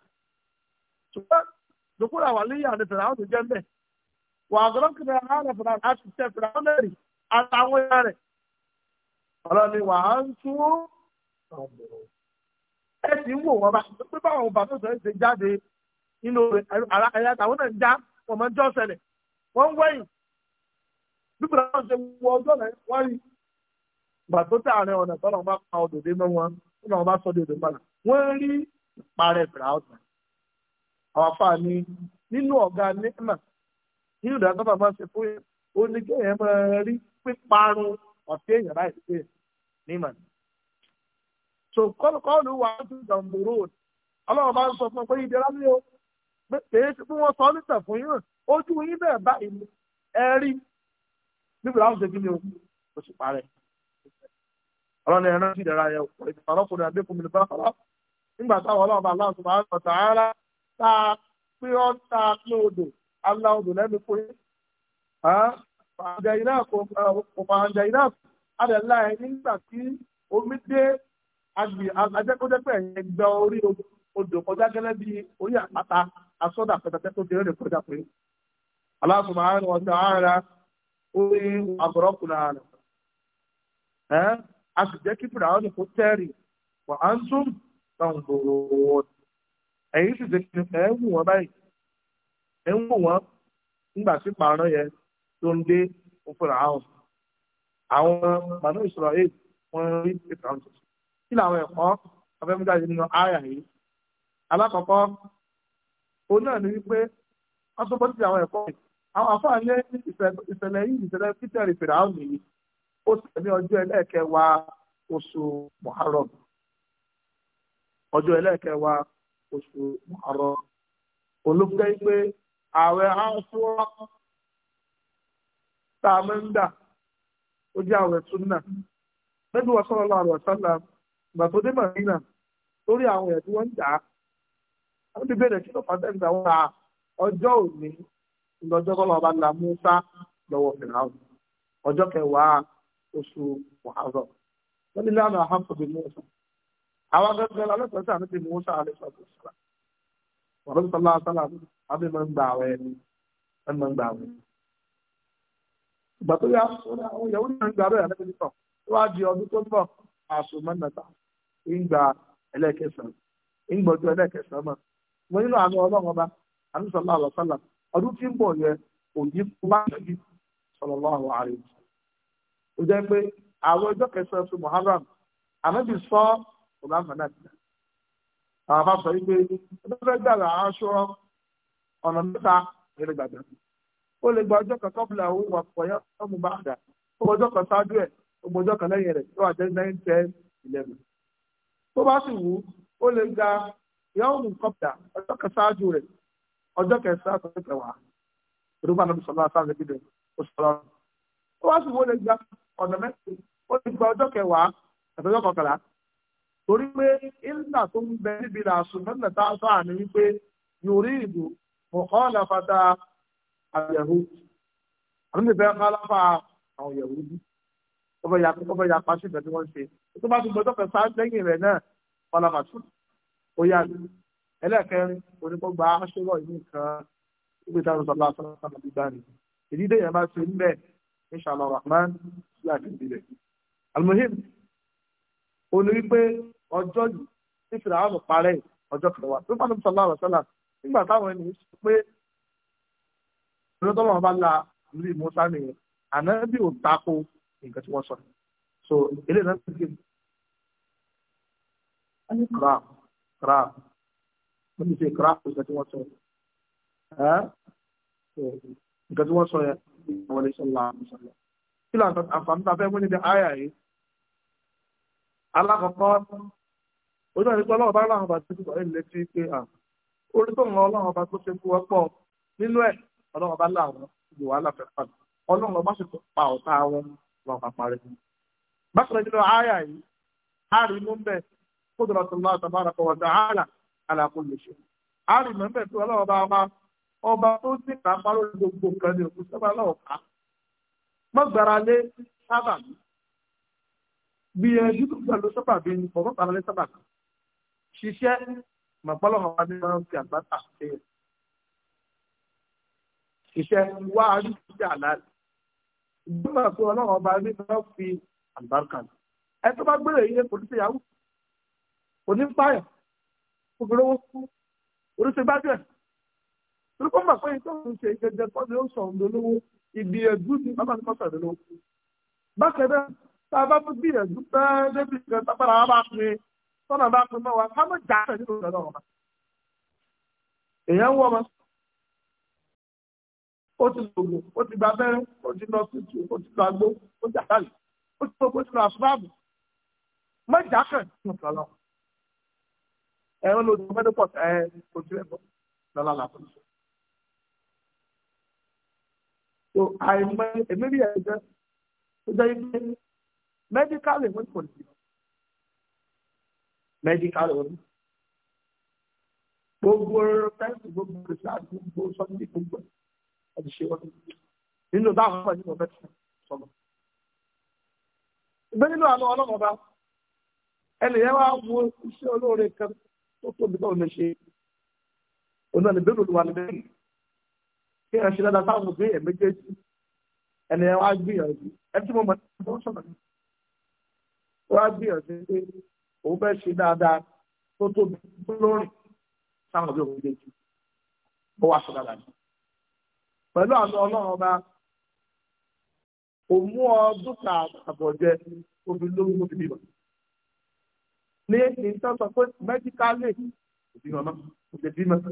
Speaker 2: ṣùgbọ́n dùkúrà wà líyà ní fìlàwọ̀ tó jẹ́ mbẹ́ wà àgọ́rọ́ kìnnà àlà fìlàwọ̀ a sì tẹ fìlàwọ̀ náà rì àtàwọn èèyàn rẹ̀ ọlọ́ni wà á ń tún ọ̀bùrọ̀ ẹ sì ń wò wọ́n bá pé báwọn bàbá òṣèré ṣe jáde nínú ara ẹ̀yà àtàwọn náà ń já wọ́n máa ń jọ́ ṣẹlẹ̀ wọ́n ń wẹ̀yìn bí náà ṣe wọ ọjọ́ náà wọ́n rí bàtó tẹ àárín ọ̀nà tọ́lọ̀ bá pa òdòdó mọ́ wọn tọ́lọ̀ bá sọ́ dòdò padà wọ́n rí parẹ́ bìrà ọ̀tàn àwọn afáàní nínú ọ̀gá nímà nínú ìdájọ́ bàbá ṣe fún yẹn ó ní kéèyàn máa rí píparun ọ̀tí èèyàn láì so kọ́lù wà á tún jàǹdùrú ọlọ́run bá ń sọ fún ọ pé ìdíra mi o kèé tí wọ́n sọ nítàn fún yín ojú yín bẹ́ẹ̀ báyìí ni ẹ rí níbi láwọn ṣe kí ni o kò sì parẹ́ ọlọ́run ẹ̀rọ ti dẹ̀ra yẹ ìfọ̀rọ̀kùnrin àdékùnrin bá fọlọ́ nígbà táwọn ọlọ́run bá aláwọ̀ sọ̀rọ̀ àwọn ọ̀tá ara tá a pé ọ́ tá a pé odò alá odò lẹ́nu pé àjẹ iná kò fà àjẹ iná adẹ̀ láì nígbà tí omi dé ajẹ́kọ́jẹ́pẹ́ ẹ̀yìn gba orí odò kọjá bí orí àpáta asọ́dà pẹ̀tẹ̀tẹ̀ tó dérè kọjá pé Allah subhanahu wa orí àgọ́rọ́kùnrin ààrẹ a sì kí fúnra wà á ń tún gbòòrò wọn sì ń wù báyìí ń wù nígbà tí yẹn tó ń dé fúnra kí làwọn ẹ̀kọ́ ọ̀fẹ́mújáde nínú àyà yìí alákọ̀ọ́kọ́ òun náà ni wípé wọ́n tó bọ́ sí àwọn ẹ̀kọ́ àwọn àfáàní ìṣẹ̀lẹ̀ yìí ìṣẹ̀lẹ̀ peter fìràhùn yìí ó ṣẹlẹ̀ ní ọjọ́ ẹlẹ́ẹ̀kẹwàá oṣù muharram ọjọ́ ẹlẹ́ẹ̀kẹwàá oṣù muharram olùkọ́ yìí pé ààwẹ̀ áńfọ́ tá a máa ń dà ó jẹ́ ààwẹ̀ súnà Nabi sallallahu alaihi wasallam ìgbà tó dé Màdínà lórí àwọn èèyàn wọ́n ń jà á wọ́n ti bẹ̀rẹ̀ kí ló fà tẹ́lẹ̀ ìgbà wọn ọjọ́ òní ìlọ́jọ́ kọ́ lọ́ba la Musa lọ́wọ́ Fìràwọ̀ ọjọ́ kẹwàá oṣù wàhálà wọ́n ní lánàá àhàkùn bí Musa àwọn akẹ́kọ̀ọ́ alẹ́kọ̀ọ́ sí àmì ti Musa alẹ́kọ̀ọ́ sọ̀rọ̀ wọ́n ní sọ́lá sọ́lá àbí mọ̀ ń gbà wẹ́ ni ń gbà wẹ́ ìgbà tó yà àwọn ìyàwó náà ìgbà ẹlẹ́kẹsàn ìgbọ̀jọ́ ẹlẹ́kẹsàn mọ̀ wọ́n nínú àánú ọlọ́run ọba àdúsọ̀lá àlọ́sálà ọdún tí ń bọ̀ yẹ òní bá ṣẹ́bí sọlọ́lá àwọn ààrẹ ó jẹ́ pé àwọn ọjọ́ kẹsàn-án tó àwọn sọ wípé ọdún fẹ́ gbàgbà aṣọ ọ̀nà mẹ́ta ìrìn gbàgbà ó lè gba ọjọ́ kan tó bá sì wù ó lè gba yawmul qabla ọjọ́ kan ṣáájú rẹ̀ ọjọ́ kẹsàn-án àtọ́jọ́ kẹwàá ìdúgbò àná sọlá sáà lẹ́bí rẹ̀ ó sọlá rẹ̀ ó wá sì wù ó lè gba ọ̀nà mẹ́sìn ó lè gba ọjọ́ kẹwàá àtọ́jọ́ kọkànlá torí pé ìlà tó ń bẹ níbi làásùn mẹ́lẹ̀ tá a sọ àná wípé yorí ìlú mọ̀kànlá fata àyẹ̀wò àbí mi fẹ́ kálá fa àwọn yẹ̀wò bí ọbẹ̀ yàpá sí ìfẹ́ tí wọ́n ṣe tó bá tún gbọdọ̀ fẹ́ sá lẹ́yìn rẹ̀ náà ọlọ́màtún ó yá mi ẹlẹ́ẹ̀kẹrin onígbọ́gba aṣọ́rọ̀ yìí nìkan ìgbé tá a sọ lọ́wọ́ sọ́nà sọ́nà gbígbá ni ìdílé yẹn máa ṣe níbẹ̀ inshallah rahman sí àkìndí rẹ̀ almuhim òní wípé ọjọ́ yìí ní fìlà àwọn parẹ́ ọjọ́ kẹwàá tó fàánù sọ́nà àwọn sọ́nà nígbà táwọn ènìyàn sọ pé ìlú tó wọn bá la ìlú ìmúsá nìyẹn àná bí ò tako nǹkan tí wọ́n sọ so ilé náà ti gbé a ní crap crap wọ́n ti ṣe crap nǹkan tí wọ́n sọ ẹ́ nǹkan tí wọ́n sọ yẹn wọlé sọlá sọlá kí ló àǹfààní tá a fẹ́ mú níbi àyà yìí alákọ̀ọ́kọ́ ojú àti pé ọlọ́run bá láwọn bá tẹ́sí ọ̀rẹ́ ilé tí pé à orí tó ń lọ ọlọ́run bá tó ṣe fún ọ pọ̀ nínú ẹ̀ ọlọ́run bá láwọn ìlú wàhálà fẹ́ ọlọ́run bá sì pa ọ̀tá wọn wọn pàpà bákan nínú àyà yìí a rí mú bẹ́ẹ̀ قدرة الله تبارك وتعالى على كل شيء عارف من بيت الله بابا ọba tó sì ká parọ́ gbogbo nǹkan ní òkú sábà lọ́wọ́ ká má gbára lé sábà mi gbìyànjú tó pẹ̀lú sábà mi ní ọ̀rọ̀ gbára lé sábà kan ṣiṣẹ́ màgbọ́lọ́wọ́ wa ní máa ń fi àgbàtà ṣe é ṣiṣẹ́ wá àríṣiṣẹ àlàyé ìgbìmọ̀ pé ọlọ́wọ́ ọba ní máa ń fi àgbàkà ẹ tó bá gbére yíyé kò ní ṣe yahoo òní ń pààyàn obìnrin owó fún oríṣi gbájú ẹ̀ torí kó mọ̀ pé ìtọ́ òun ṣe gẹ́gẹ́ kọ́ ni ó sọ òun lólówó ìgbìyànjú ni bàbá mi kọ́ sọ òun lólówó bákan náà tá a bá mú gbìyànjú pẹ́ débi ìgbà tábàrà wa bá pin tọ́nà bá pin mọ́wa ká mọ̀ já pẹ̀lú ìrọ̀lẹ́ náà wà. èèyàn wọ́ ọmọ ó ti lògùn ó ti gba abẹ́rẹ́ ó ti lọ sí ìtù ó ti lọ agbó ó ti àgbàlẹ̀ ó ti lọ bó ti lọ àfúráàbù mọ̀ já pẹ̀lú ìrọ̀lẹ́ náà ẹ̀rọ ló dùn mẹ́tò pọ̀ ẹ̀ ojú ẹ̀ bọ̀ lọ́la làbọ̀. so àìmọ̀ èmi rí ẹ̀jẹ̀ tó jẹ́ ibi medical ìwé kò ní medical ìwé gbogbo fẹ́ǹsì gbogbo rìsáàt gbogbo sọ́ndé gbogbo ẹ̀jẹ̀ ṣe wọ́n nínú só ọmọ ìdíwọ̀ bẹ́ẹ̀ sọ̀rọ̀ ìgbé nínú àlọ́ ọlọ́mọba ẹnìyẹn wá wo iṣẹ́ olóore kan tó tóbi tó lè ṣe oná ní bẹ́ẹ̀ lòlùwà lẹ́yìn kí ẹ ṣe dáadáa sáwọn òbí ẹ̀ méjèèjì ẹni ẹ wá gbìyànjú ẹ tí mo mọ̀ ní ọdún sọ̀rọ̀ ní wá gbìyànjú pé òun fẹ́ ṣe dáadáa tó tóbi tó lórí sáwọn òbí òun méjèèjì ó wá sọ dáadáa ní. pẹ̀lú àná ọlọ́run ọba òun mú ọ dúkà àbọ̀jẹ obìnrin lórí mo fi bíbọn lé nǹkan sọ pé mẹ́díkálì òbí màmá òbí bí màmá.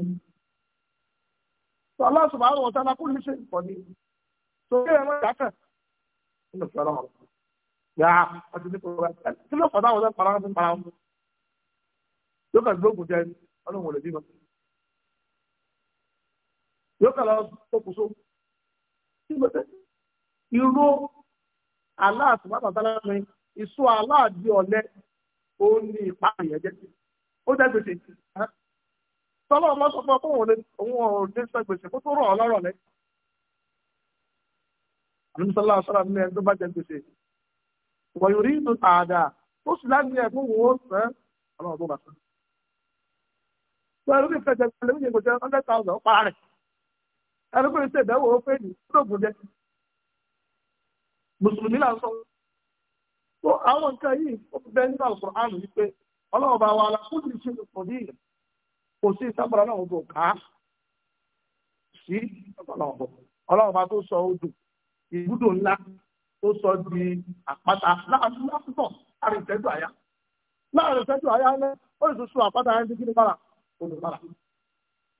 Speaker 2: sọlá ṣùgbọ́n àwọn ọ̀tá lápò ní ṣe nǹkan ni sókè ẹ̀rọ ìdákẹ́ ó lè fi ọlọ́run rẹ̀ yà á ti ní kó rẹ̀ kí ló fọdá àwọn ọ̀tá para wọn para wọn. yóò kàn gbógun jẹ ọlọ́run ò lè bí màmá. yóò kàn lọ sókùsó kí ló dé irú aláàtúmọ̀tàtàlá mi ìṣó aláàdì ọ̀lẹ́ ó ní ipa àyẹ̀ jẹ́ O ó jẹ́ gbèsè tọ́lọ́ ọmọ sọ fún ọ pé òun ò gbèsè kó tó rọ̀ ọ́ lọ́rọ̀ lẹ́yìn. àmì sọlá sọlá ní ẹni tó bá jẹ gbèsè wọ̀nyí rí inú àdá ó sì láti ẹ̀ fún òun ó sẹ́ ọlọ́run tó bá sọ. tó ẹni tó fẹ́ jẹ gbèsè lóyún kò jẹ hundred thousand pa rẹ̀ ẹni tó fẹ́ ṣèdánwò ó fẹ́ ní ó lóògùn jẹ mùsùlùmí là ń sọ àwọn nǹkan yìí ó bẹ nínú Al-Qur'an wípé ọlọ́run bá wa la kó lè ṣe ìpòdì kò sí ìsábàrà náà ó bò ká sí ọ̀pọ̀lọpọ̀ ọlọ́run bá tó sọ odò na ńlá tó sọ di àpáta láàrin lápútọ̀ láàrin ìtẹ́jú àyà láàrin ìtẹ́jú àyà ó sọ àpáta kí ni bára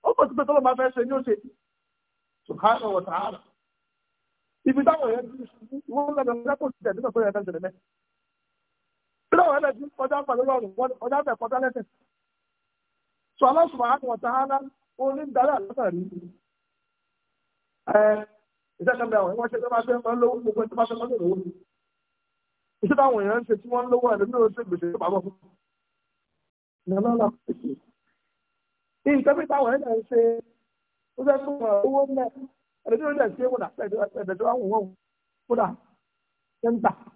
Speaker 2: ó kò sí pé tọ́lọ́ máa fẹ́ ṣe ní ó ṣe ibi táwọn ti wọ́n lẹ́nu ẹgbẹ́ lọ́wọ́ ẹ̀bẹ̀ tí kọjá pẹ̀lú ọ̀rùn kọjá pẹ̀ kọjá lẹ́sẹ̀. sọ aláṣùmọ̀ àkùnwọ̀n tá hánà ó ní darí àlọ́sàn rí. ẹ àwọn ìwọ́n ṣe tó máa ṣe máa ń lówó gbogbo tó máa ṣe máa ń lówó. iṣẹ́ táwọn èèyàn ń ṣe tí wọ́n ń lówó ẹ̀lẹ́mí ló ṣe gbèsè tó pamọ́ fún. nǹkan bí ń ṣe ó fẹ́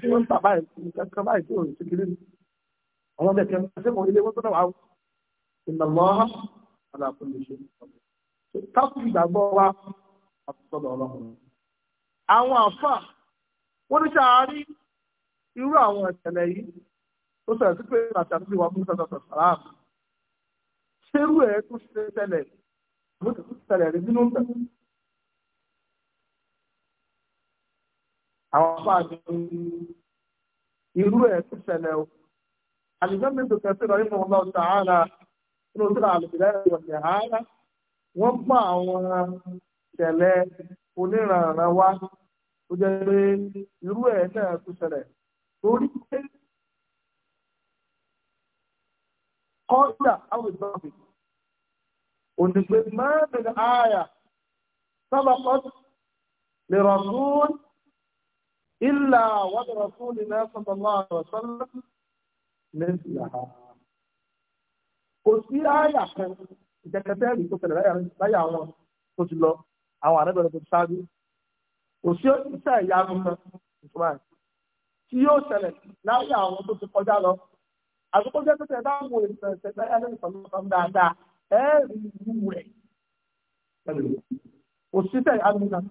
Speaker 2: tí wọ́n ń tà báyìí kankan báyìí tí òun ṣèkìlì ni àwọn ọmọ ẹ̀kẹ́ ṣé mo ilé wọn tó náà ìnàmọ́ alákòóso káfù ìgbàgbọ́ wa àtúntọ́dọ̀ ọlọ́run àwọn àfà wọ́n ní sàárì irú àwọn ìṣẹ̀lẹ̀ yìí tó sọ̀rọ̀ sí pé àti àtúntò ìwà fún sọ̀tọ̀ sàrámù ṣerú ẹ̀ tó ṣe ṣẹlẹ̀ ló ti ṣẹlẹ̀ rí nínú ìtẹ̀sí àwọn afáàjọ irú ẹ̀ o àlùjọ mi tòkẹ́ sí lọ́yìn fún ọlọ́run sàárà nínú tó ra àlùbílẹ̀ ìwọ̀sẹ̀ àárá wọ́n gbọ́ àwọn ṣẹlẹ̀ oníranran wá tó jẹ́ pé irú ẹ̀ náà torí pé kọ́ńdà áwùjọ́bì mẹ́rin àyà sábà lè rọ̀ إلا ولرسول الله صلى الله عليه وسلم مثلها kò sí àyà kan ìjẹkẹtẹ́rì tó tẹ̀lé láyà àwọn tó ti lọ àwọn àrẹ́bẹ̀rẹ̀ tó ti ṣáájú kò sí iṣẹ́ ìyanu kan ìtura ẹ̀ tí yóò ṣẹlẹ̀ láyà àwọn tó ti kọjá lọ àkókò jẹ́ pẹ́tẹ́ bá wo ìṣẹ̀lẹ̀ ṣẹlẹ̀ láyà lẹ́yìn pẹ̀lú ọ̀sán dáadáa ẹ̀ rí ìlú rẹ̀ kò sí iṣẹ́ ìyanu kan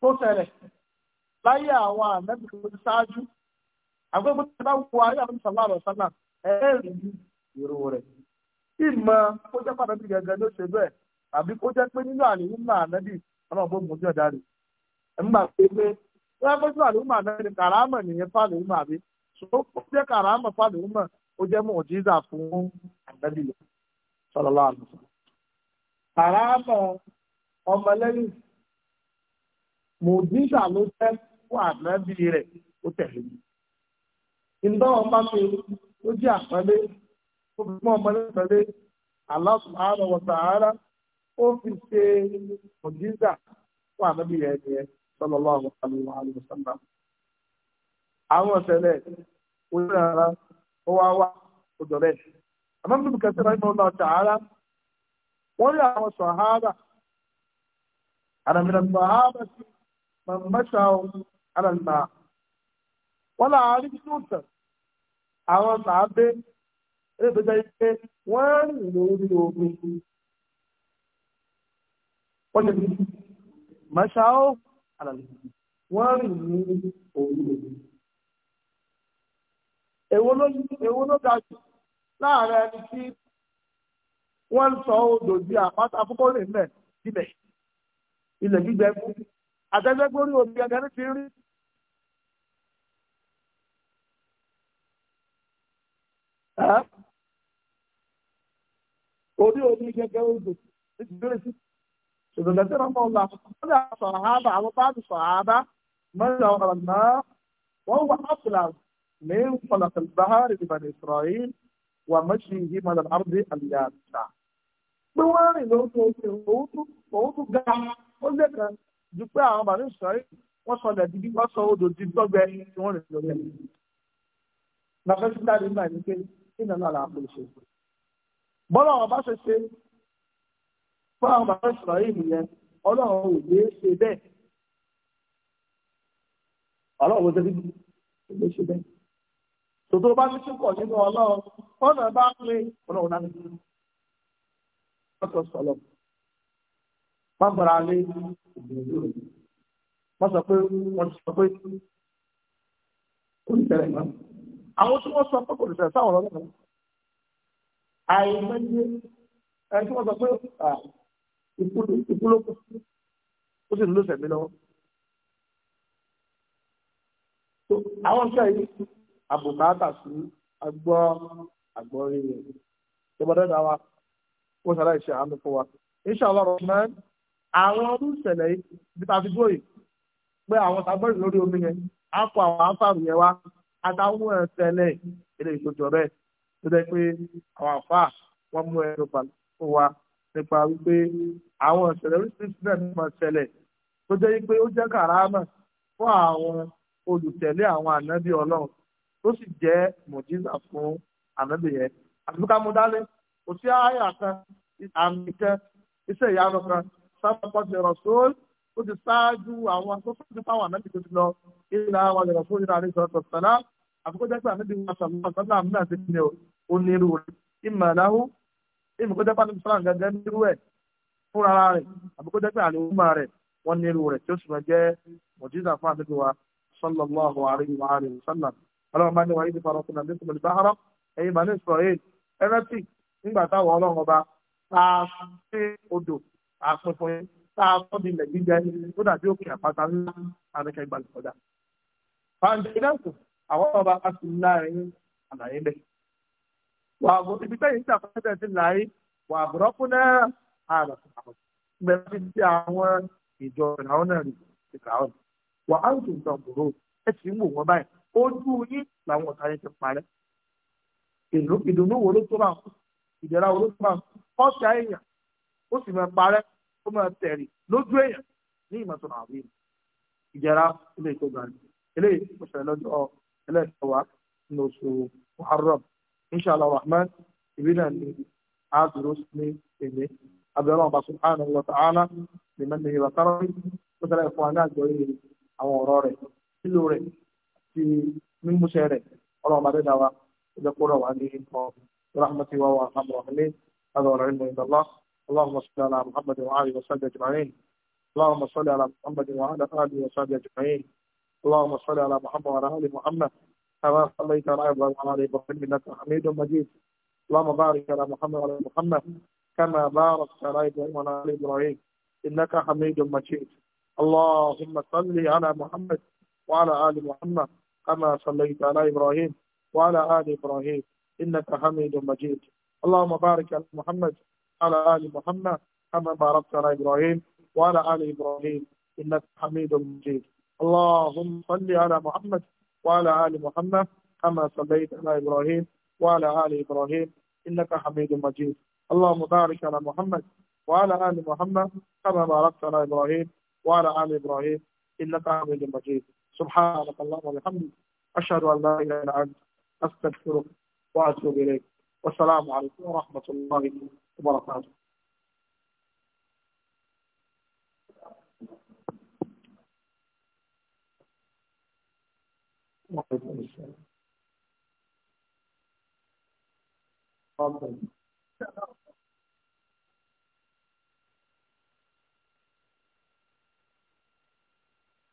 Speaker 2: tó ṣẹlẹ̀ láyé àwọn ànábì tó ti ṣáájú àgbẹ̀gbẹ̀ tó ti bá wo ayé àwọn ìṣàlá àlọ́ ẹ̀ẹ́rì ìrò rẹ̀ kó jẹ́ pàtàkì gẹ́gẹ́ ló ṣe bẹ́ẹ̀ àbí kó jẹ́ pé nínú àníyàn náà ànábì ọlọ́run bó ọ̀dà rẹ̀ ẹ̀ ń gbà pé pé wọ́n kàràmọ̀ nìyẹn àbí jẹ́ kàràmọ̀ ó jẹ́ fún fún ànábì rẹ̀ ó tẹ̀lé Ndị ìdá ọba mi ó jẹ́ àpẹẹlẹ ó fi fún ọmọ lẹ́sẹ̀lẹ́ Allah subhanahu wa ó fi ṣe òjìṣà fún ànábì rẹ̀ ni ẹ sallallahu alaihi wa sallam. àwọn ọ̀sẹ̀lẹ̀ onírànà ó wá wá rẹ̀. àmọ́ bí wọ́n rí àwọn على الماء ولا عارف سوسة àwọn sàábé ẹgbẹ́jẹ́ ipé wọ́n rìn lórí omi wọ́n jẹ́ bí mọ́ṣáó alàlùkù wọ́n rìn ní orí omi èwo ló ga jù láàárín ẹni tí wọ́n ń sọ odò di àpáta àkókò rìn mẹ́ síbẹ̀ ilẹ̀ gbígbẹ́ fún àtẹ́gbẹ́gbórí omi gẹ́gẹ́ ní ti rí orí omi gẹ́gẹ́ odò títí bẹ̀rẹ̀ sí ṣùgbọ́n lẹ́sẹ̀ náà mọ̀ ọ́n lọ wọ́n lè sọ àhábà àwọn báàbí sọ àhábà mọ́lẹ̀ ọ̀rọ̀ náà wọ́n wà áfùlà ní fọlọ̀fẹ̀lẹ̀ báhárì ìbàdàn ìsọ̀rọ̀yì wà mọ́ṣí yìí mọ́lẹ̀ àrùbí àlìyàtà. pé wọ́n rìn lóṣù oṣù òun tún ga ó lè kan ju pé àwọn bàbá ìsọ̀rọ̀yì wọ́n sọ lẹ̀ dídí wọ́n sọ odò dídọ́gbẹ́ tí wọ́n rìn lórí ẹ̀ nínú náà làá pèsè. bọ́lá àwọn bá ṣe ṣe fún àwọn bàbá ìsọ̀rọ̀ nìyẹn ọlọ́run ò lè ṣe bẹ́ẹ̀ ọlọ́run ò lè ṣe bẹ́ẹ̀ tòtò bá ní ṣùkọ̀ nínú ọlọ́run ọ̀nà bá pé ọlọ́run náà nínú ọ̀tọ̀ sọ̀lọ̀ má gbára lé ìgbìyànjú rẹ̀ má sọ pé wọ́n ti sọ pé kò ní tẹ̀lé náà àwọn tí wọ́n sọ pé kò lè sẹ̀ sáwọn ọlọ́run àìmọye ẹni tí wọ́n sọ pé ìkúlókù ó sì ló sẹ̀mí lọ́wọ́. àwọn iṣẹ́ yìí àbùkátà sí agbọ́ àgbọ́rí rẹ̀ ìbọ̀dọ̀ dá wa ó sàrà ìṣe àánú fún wa. inshallah rahman àwọn ọdún ìṣẹ̀lẹ̀ yìí bí ta fi gbóyè pé àwọn tagbọ́rì lórí omi yẹn á kó àwọn afáàrù yẹn wá àtàwọn ẹ̀sẹ̀lẹ̀ ilé ìtòjọ́ rẹ̀ tó jẹ́ pé àwọn àfa wọn mú ẹnu bà wa nípa wípé àwọn ìṣẹ̀lẹ̀ oríṣiríṣi náà ní máa ṣẹlẹ̀ tó jẹ́ pé ó jẹ́ kàrámà fún àwọn olùtẹ̀lé àwọn ànábì ọlọ́run tó sì jẹ́ mọ̀jísà fún ànábì yẹn àti ká mú dálé kò sí àyà kan àmì kan iṣẹ́ ìyanu kan sábàpọ̀ ti rọ̀sọ́l ó ti ṣáájú àwọn akókò tó fáwọn ànábì tó ti lọ ìlà àwọn ìrọ̀sọ́l ìlànà ìṣòro tó sàlá àfikọ́jà pé àmì bíi sàlùmọ́ sàlùmọ́ àmì náà ti fi ní o ó ní irú rẹ̀ ìmọ̀ ẹ̀láhù ìmọ̀kọ́jà pé àmì sàlùmọ́ gẹ́gẹ́ ní irú ẹ̀ fúnra rẹ̀ àfikọ́jà pé àlè òun rẹ̀ wọ́n ní irú rẹ̀ tí ó sì máa jẹ́ mọ̀jísà fún àmì bíi wa sallallahu alayhi wa alayhi wa sallam ọlọ́run bá ní wàá yìí fara fún Israel ẹrẹ́tì nígbà táwọn ọlọ́run ọba tá a sí odò àpinfun yín tá a sọ́ di ilẹ̀ gbígbẹ́ àwọn ọba asùnlá ẹ̀yìn àlàyé lẹ̀. wà á bọ̀ ibi tẹ́yìn tí àfẹ́fẹ́ ti láyé wà á bọ̀rọ̀ fún náà àrà bẹ̀rẹ̀ fi ti àwọn ìjọ ìràwọ̀ náà rí ìràwọ̀ wà á tún tàn kúrò ẹ̀ sì ń wò wọ́n báyìí ojú yín làwọn ọ̀tá yẹn ti parẹ́. ìdùnnú wo ló tó bá wọn ìdẹ̀ra wo ló tó bá wọn ọ̀ṣà èèyàn ó sì máa parẹ́ ó máa tẹ̀rì lójú èèyàn ní ìmọ̀tò àbí ìdẹ̀ra ilé ìtọ́jú ẹlẹ́kẹ̀wá ní oṣù muharram inshallah rahman ìbí náà ni a dúró ní èmi abdulhamu abasu subhanahu wa ta'ala ní mẹ́rin ìwà kárọ́rì tó tẹ́lẹ̀ fún wa ní àgbọ̀yé àwọn ọ̀rọ̀ rẹ̀ nílò rẹ̀ ti mímúṣẹ rẹ̀ ọlọ́run bàdé dáwà إذا قرأ عليهم برحمتي وهو أرحم الراحمين هذا هو العلم عند الله اللهم صل على محمد وعلى آله وصحبه أجمعين اللهم صل على محمد وعلى آله وصحبه أجمعين اللهم صل على محمد وعلى آل محمد كما صليت على إبراهيم وعلى آل إبراهيم إنك حميد مجيد اللهم بارك على محمد وعلى آل محمد كما باركت على إبراهيم وعلى آل إبراهيم إنك حميد مجيد اللهم صل على محمد وعلى آل محمد كما صليت على إبراهيم وعلى آل إبراهيم إنك حميد مجيد اللهم بارك على محمد وعلى آل محمد كما باركت على إبراهيم وعلى آل إبراهيم إنك حميد مجيد اللهم صل على محمد وعلى آل محمد كما صليت على إبراهيم وعلى آل إبراهيم إنك حميد مجيد اللهم بارك على محمد وعلى آل محمد كما باركت على إبراهيم وعلى آل إبراهيم إنك حميد مجيد سبحانك اللهم وبحمدك أشهد أن لا إله إلا أنت أستغفرك وأتوب إليك والسلام عليكم ورحمة الله وبركاته وعليكم السلام تفضل